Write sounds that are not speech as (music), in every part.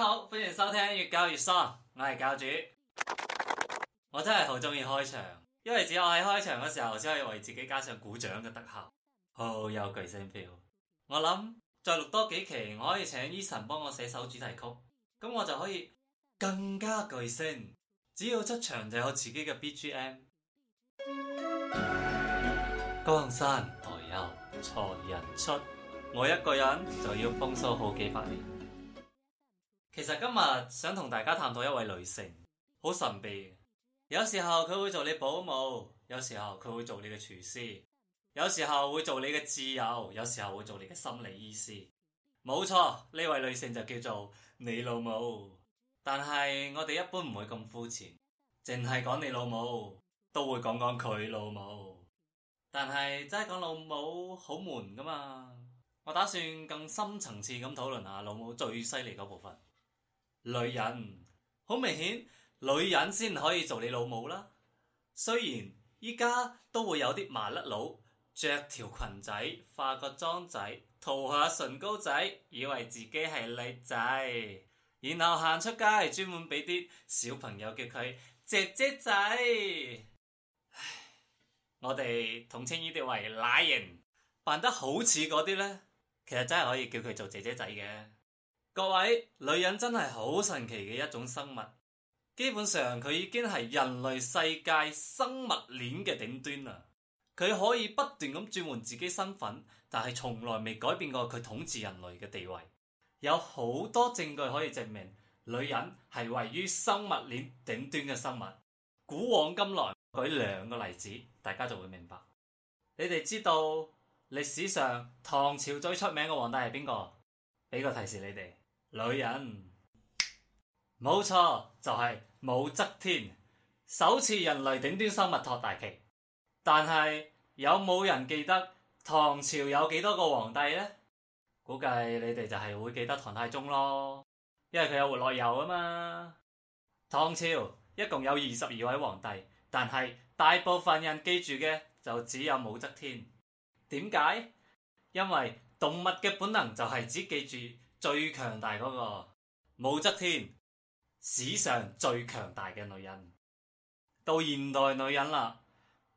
大家好，歡迎收聽粵教粵喪，我係教主。我真係好中意開場，因為只有喺開場嘅時候，先可以為自己加上鼓掌嘅特效，好、oh, 有巨星 feel。我諗再錄多幾期，我可以請 Eason 幫我寫首主題曲，咁我就可以更加巨星。只要出場就有自己嘅 BGM。江山代有才人出，我一個人就要風騷好幾百年。其實今日想同大家探討一位女性，好神秘嘅。有時候佢會做你保姆，有時候佢會做你嘅廚師，有時候會做你嘅摯友，有時候會做你嘅心理醫師。冇錯，呢位女性就叫做你老母。但係我哋一般唔會咁膚淺，淨係講你老母，都會講講佢老母。但係真係講老母好悶噶嘛？我打算更深層次咁討論下老母最犀利嗰部分。女人，好明顯，女人先可以做你老母啦。雖然依家都會有啲麻甩佬着條裙仔、化個妝仔、塗下唇膏仔，以為自己係女仔，然後行出街係專門俾啲小朋友叫佢姐姐仔。唉，我哋統稱呢啲為乸型，扮得好似嗰啲呢，其實真係可以叫佢做姐姐仔嘅。各位，女人真係好神奇嘅一種生物，基本上佢已經係人類世界生物鏈嘅頂端啦。佢可以不斷咁轉換自己身份，但係從來未改變過佢統治人類嘅地位。有好多證據可以證明，女人係位於生物鏈頂端嘅生物。古往今來，舉兩個例子，大家就會明白。你哋知道歷史上唐朝最出名嘅皇帝係邊個？俾個提示你哋。女人冇錯就係、是、武則天，首次人類頂端生物托大旗。但係有冇人記得唐朝有幾多個皇帝呢？估計你哋就係會記得唐太宗咯，因為佢有活絡油啊嘛。唐朝一共有二十二位皇帝，但係大部分人記住嘅就只有武則天。點解？因為動物嘅本能就係只記住。最強大嗰個武則天，史上最強大嘅女人，到現代女人啦，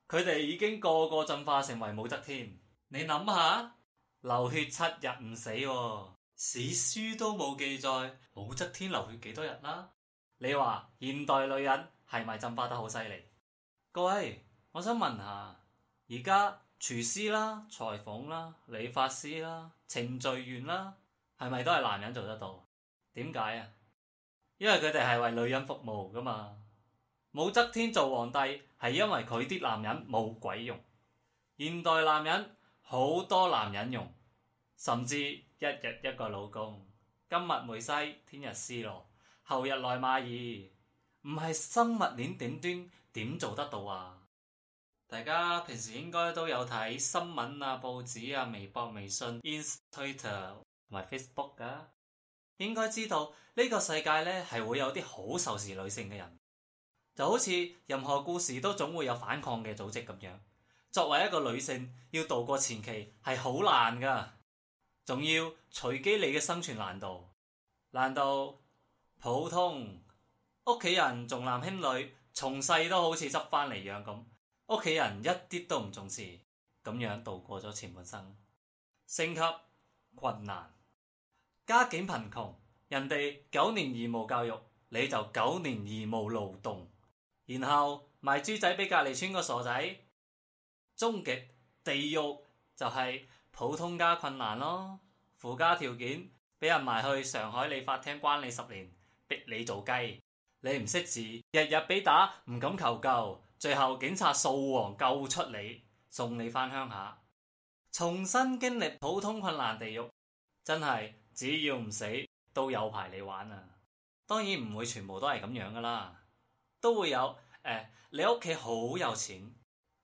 佢哋已經個個進化成為武則天。你諗下，流血七日唔死啊，史書都冇記載武則天流血幾多日啦，啊。你話現代女人係咪進化得好犀利？各位，我想問下，而家廚師啦、裁縫啦、理髮師啦、程序員啦。係咪都係男人做得到？點解啊？因為佢哋係為女人服務噶嘛。武則天做皇帝係因為佢啲男人冇鬼用。現代男人好多男人用，甚至一日一個老公，今日梅西，聽日 C 羅，後日內馬爾，唔係生物鏈頂端點做得到啊？大家平時應該都有睇新聞啊、報紙啊、微博、微信、Instagram。唔係 Facebook 噶，face 啊、應該知道呢，呢個世界咧係會有啲好仇視女性嘅人，就好似任何故事都總會有反抗嘅組織咁樣。作為一個女性，要度過前期係好難噶，仲要隨機你嘅生存難度。難度普通，屋企人重男輕女，從細都好似執翻嚟養咁，屋企人一啲都唔重視，咁樣度過咗前半生，升級困難。家境貧窮，人哋九年義務教育，你就九年義務勞動，然後賣豬仔俾隔籬村個傻仔。終極地獄就係、是、普通加困難咯，附加條件俾人賣去上海理髮廳關你十年，逼你做雞。你唔識字，日日俾打，唔敢求救，最後警察掃黃救出你，送你翻鄉下，重新經歷普通困難地獄，真係。只要唔死都有排你玩啊！當然唔會全部都係咁樣噶啦，都會有誒、呃、你屋企好有錢，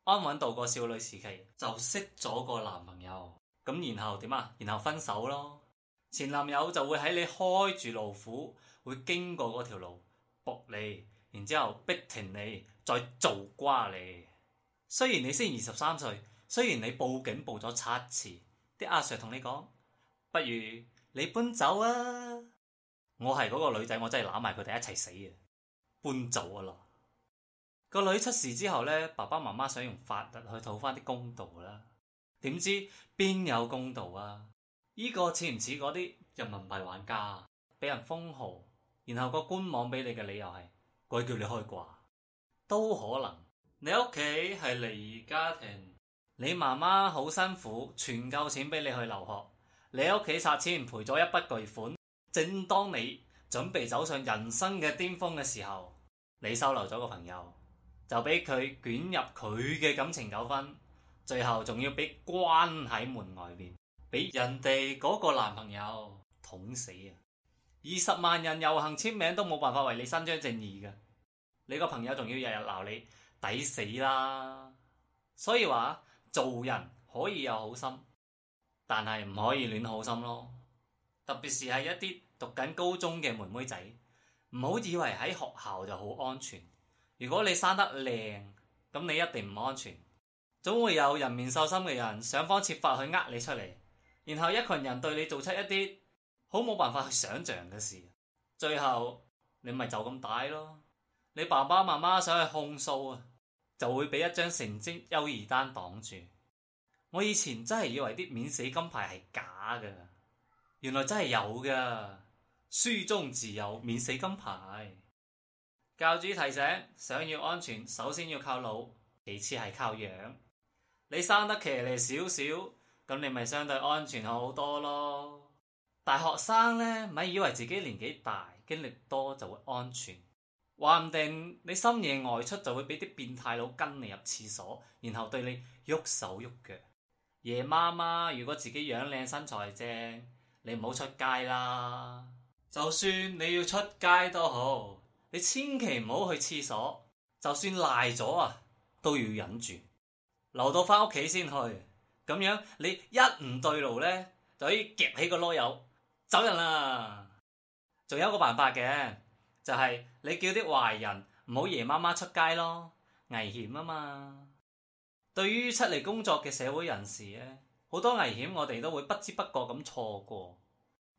安穩度過少女時期，就識咗個男朋友咁，然後點啊？然後分手咯。前男友就會喺你開住路虎，會經過嗰條路，搏你，然之後逼停你，再做瓜你。雖然你先二十三歲，雖然你報警報咗七次，啲阿 sir 同你講，不如，你搬走啊！我係嗰個女仔，我真係攬埋佢哋一齊死啊！搬走啊啦！個女出事之後呢，爸爸媽媽想用法律去討翻啲公道啦。點知邊有公道啊？呢個似唔似嗰啲人民幣玩家俾人封號，然後個官網俾你嘅理由係鬼叫你開掛，都可能。你屋企係離異家庭，你媽媽好辛苦存夠錢俾你去留學。你屋企殺千，賠咗一筆巨款。正當你準備走上人生嘅巔峰嘅時候，你收留咗個朋友，就俾佢捲入佢嘅感情糾紛，最後仲要俾關喺門外面，俾人哋嗰個男朋友捅死啊！二十萬人遊行簽名都冇辦法為你伸張正義嘅，你個朋友仲要日日鬧你，抵死啦！所以話做人可以有好心。但係唔可以亂好心咯，特別是係一啲讀緊高中嘅妹妹仔，唔好以為喺學校就好安全。如果你生得靚，咁你一定唔安全，總會有人面獸心嘅人想方設法去呃你出嚟，然後一群人對你做出一啲好冇辦法去想像嘅事，最後你咪就咁大咯。你爸爸媽媽想去控訴啊，就會俾一張成績優異單擋住。我以前真係以為啲免死金牌係假噶，原來真係有噶。書中自有免死金牌。教主提醒：想要安全，首先要靠腦，其次係靠樣。你生得騎呢少少，咁你咪相對安全好多咯。大學生呢咪以為自己年紀大，經歷多就會安全，話唔定你深夜外出就會俾啲變態佬跟你入廁所，然後對你喐手喐腳。夜媽媽，如果自己樣靚身材正，你唔好出街啦。就算你要出街都好，你千祈唔好去廁所。就算賴咗啊，都要忍住，留到翻屋企先去。咁樣你一唔對路呢，就可以夾起個囉柚走人啦。仲有一個辦法嘅，就係你叫啲壞人唔好夜媽媽出街咯，危險啊嘛。對於出嚟工作嘅社會人士咧，好多危險我哋都會不知不覺咁錯過，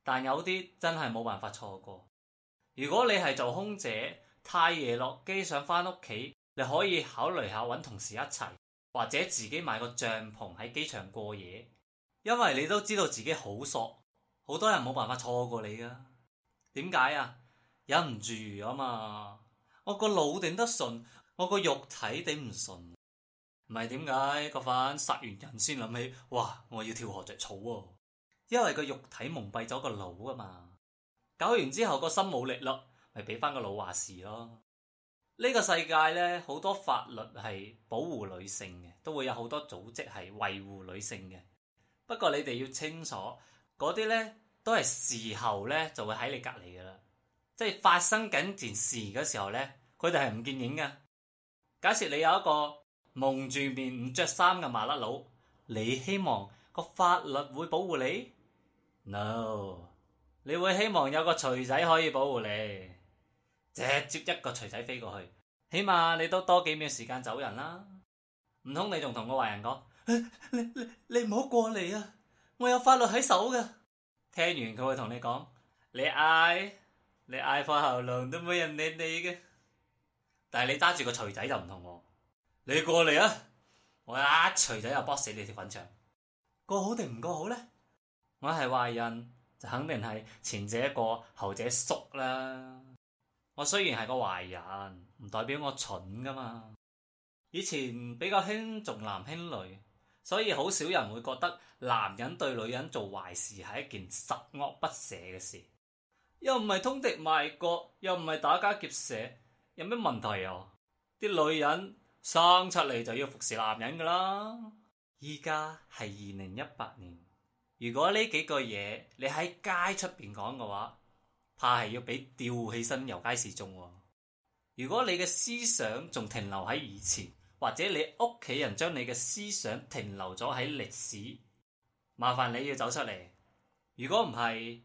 但有啲真係冇辦法錯過。如果你係做空姐，太夜落機想返屋企，你可以考慮下搵同事一齊，或者自己買個帳篷喺機場過夜，因為你都知道自己好索，好多人冇辦法錯過你㗎。點解啊？忍唔住啊嘛！我個腦頂得順，我個肉體頂唔順。唔係點解個犯殺完人先諗起，哇！我要跳河着草喎，啊，因為個肉體蒙蔽咗個腦啊嘛。搞完之後個心冇力咯，咪俾翻個腦話事咯。呢、這個世界咧好多法律係保護女性嘅,都會有好多組織係維護女性嘅。不過你哋要清楚，嗰啲咧都係事後咧就會喺你隔籬噶啦。即係發生緊件事嘅時候咧，佢哋係唔見影噶。假設你有一個。.蒙住面唔着衫嘅麻甩佬，你希望個法律會保護你？No，你會希望有個錘仔可以保護你？直接一個錘仔飛過去，起碼你都多幾秒時間走人啦。唔通你仲同個壞人講、哎：，你你你唔好過嚟啊！我有法律喺手㗎。聽完佢會同你講：，你嗌，你嗌破喉嚨都冇人理你嘅。但係你揸住個錘仔就唔同喎。你過嚟啊！我一錘仔又撲死你條粉腸，過好定唔過好呢？我係壞人就肯定係前者過後者熟啦。我雖然係個壞人，唔代表我蠢噶嘛。以前比較興重男輕女，所以好少人會覺得男人對女人做壞事係一件十惡不赦嘅事。又唔係通敵賣國，又唔係打家劫舍，有咩問題啊？啲女人。生出嚟就要服侍男人噶啦！依家係二零一八年，如果呢幾句嘢你喺街出邊講嘅話，怕係要俾吊起身遊街示眾。如果你嘅思想仲停留喺以前，或者你屋企人將你嘅思想停留咗喺歷史，麻煩你要走出嚟。如果唔係，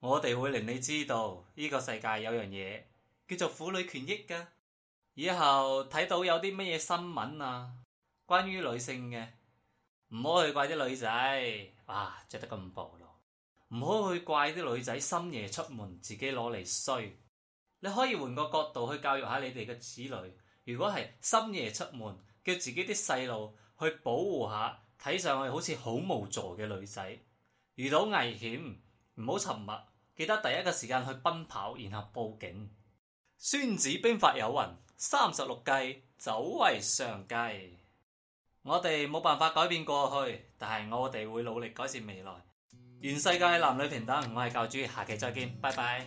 我哋會令你知道呢個世界有樣嘢叫做婦女權益噶。以後睇到有啲乜嘢新聞啊，關於女性嘅，唔好去怪啲女仔，啊，着得咁暴露，唔好去怪啲女仔深夜出門自己攞嚟衰。你可以換個角度去教育下你哋嘅子女，如果係深夜出門，叫自己啲細路去保護下，睇上去好似好無助嘅女仔，遇到危險唔好沉默，記得第一個時間去奔跑，然後報警。.孫子兵法有云：三十六計，走為上計。 (noise) 我哋冇辦法改變過去，但係我哋會努力改善未來。願 (noise) 世界男女平等，我係教主，下期再見，拜拜。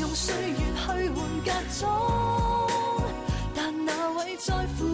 用歲月去換個鐘，但那位在乎？ (noise)